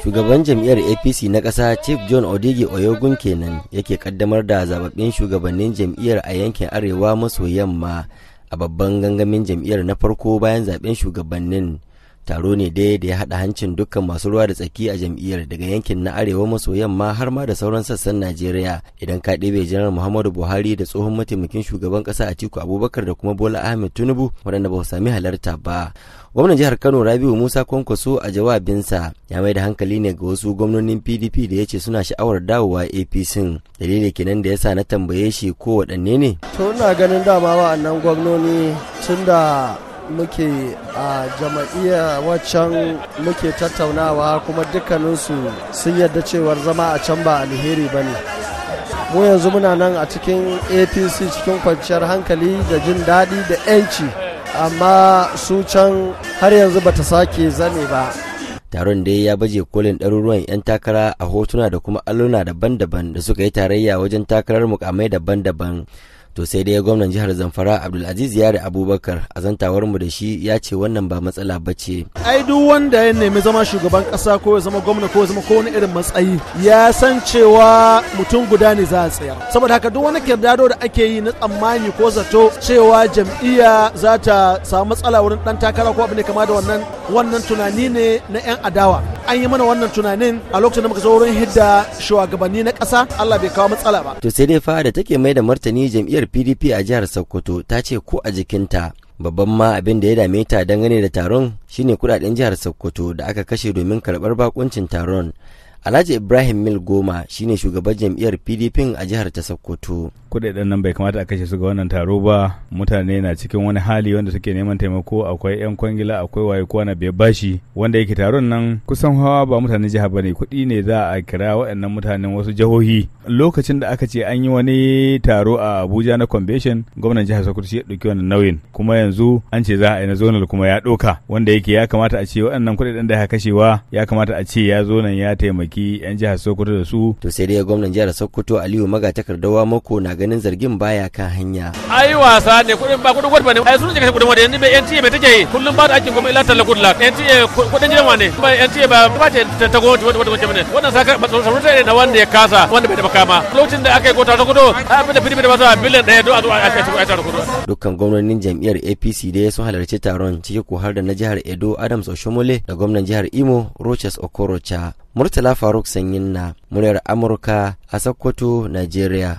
shugaban jam'iyyar apc na ƙasa chief john odigi oyogun kenan yake kaddamar da zababbin shugabannin jam'iyyar a yankin arewa maso yamma a babban gangamin jam'iyyar na farko bayan zaben shugabannin taro ne dai da ya haɗa hancin dukkan masu ruwa da tsaki a jam'iyyar daga yankin na arewa maso yamma har ma da sauran sassan najeriya idan ka ɗebe janar muhammadu buhari da tsohon mataimakin shugaban ƙasa atiku abubakar da kuma bola ahmed tinubu waɗanda ba su sami halarta ba gwamnan jihar kano rabiu musa kwankwaso a jawabinsa ya mai da hankali ne ga wasu gwamnonin pdp da ya ce suna sha'awar dawowa apc dalili kenan da ya sa na tambaye shi ko waɗanne ne to ina ganin dama nan gwamnoni tun da muke a jama'iyya waccan muke tattaunawa kuma dukkaninsu sun yadda cewar zama a can ba alheri ba ne mu yanzu muna nan a cikin apc cikin kwanciyar hankali da jin daɗi da 'yanci amma su can har yanzu bata sake zane ba taron da ya baje kolin ɗaruruwan 'yan takara a hotuna da kuma alluna daban-daban da suka yi tarayya wajen takarar mukamai daban-daban to sai dai gwamnan jihar zamfara abdulaziz yare abubakar a zantawar mu da shi ya ce wannan ba matsala ba ce ai duk wanda ya nemi zama shugaban kasa ko ya zama gwamna ko ya zama wani irin matsayi ya san cewa mutum guda ne za a tsaya saboda haka duk wani kirdado da ake yi na tsammani ko zato cewa jam'iyya za ta samu matsala wurin dan takara ko abin da kama da wannan wannan tunani ne na yan adawa an yi mana wannan tunanin a lokacin da muka zo wurin hidda shugabanni na ƙasa Allah bai kawo matsala ba. To sai dai fa da take mai da martani jam'iyyar PDP a jihar Sokoto ta ce ko a jikinta babban ma abin da ya dame ta dangane da taron shine kudaden jihar Sokoto da aka kashe domin karɓar bakuncin taron. Alhaji Ibrahim Mil Goma shine shugaban jam'iyyar PDP a jihar ta Sokoto. Kudaden nan bai kamata a kashe su ga wannan taro ba. Mutane na cikin wani hali wanda suke neman taimako akwai yan kwangila akwai waye kowa na bai bashi wanda yake taron nan kusan hawa ba mutanen jiha ne kuɗi ne za a kira waɗannan mutanen wasu jihohi. Lokacin da aka ce an yi wani taro a Abuja na convention gwamnan jihar Sokoto shi ya ɗauki wannan nauyin kuma yanzu an ce za a yi na zonal kuma ya ɗauka wanda yake ya kamata a ce waɗannan kudaden da ya kashewa ya kamata a ce ya zo nan ya taimaki mataki 'yan jihar Sokoto da su. To sai dai gwamnan jihar Sokoto Aliyu Maga takardawa mako na ganin zargin baya kan hanya. Ai wasa ne kuɗin ba kuɗin ne. ai sun jika kuɗin gwamnati yanzu bai NTA bai take yi. kullum ba da ake gwamnati illa talla kuɗin NTA kuɗin jiran wane ba NTA ba ba ce ta gwamnati wanda wanda mene. wannan saka ba tsoron ne na wanda ya kasa wanda bai da makama lokacin da aka yi kota Sokoto a abin da fidi ba zuwa biliyan ɗaya don a zo a ta Sokoto. Dukkan gwamnonin jam'iyyar APC da ya sun halarci taron ciki ko har da na jihar Edo Adams Oshomole da gwamnan jihar Imo Rochas Okorocha. Murtala Faruk Sanyin na muryar Amurka a Sokoto, Najeriya.